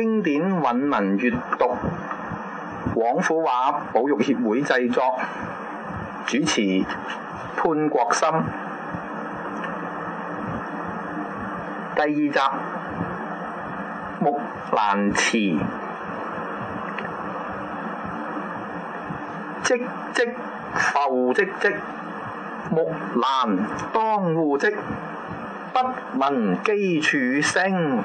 經典韻文粵讀，廣府話保育協會製作，主持潘國森。第二集《木蘭辭》積積浮積積：唧唧復唧唧，木蘭當戶織，不聞機杼聲。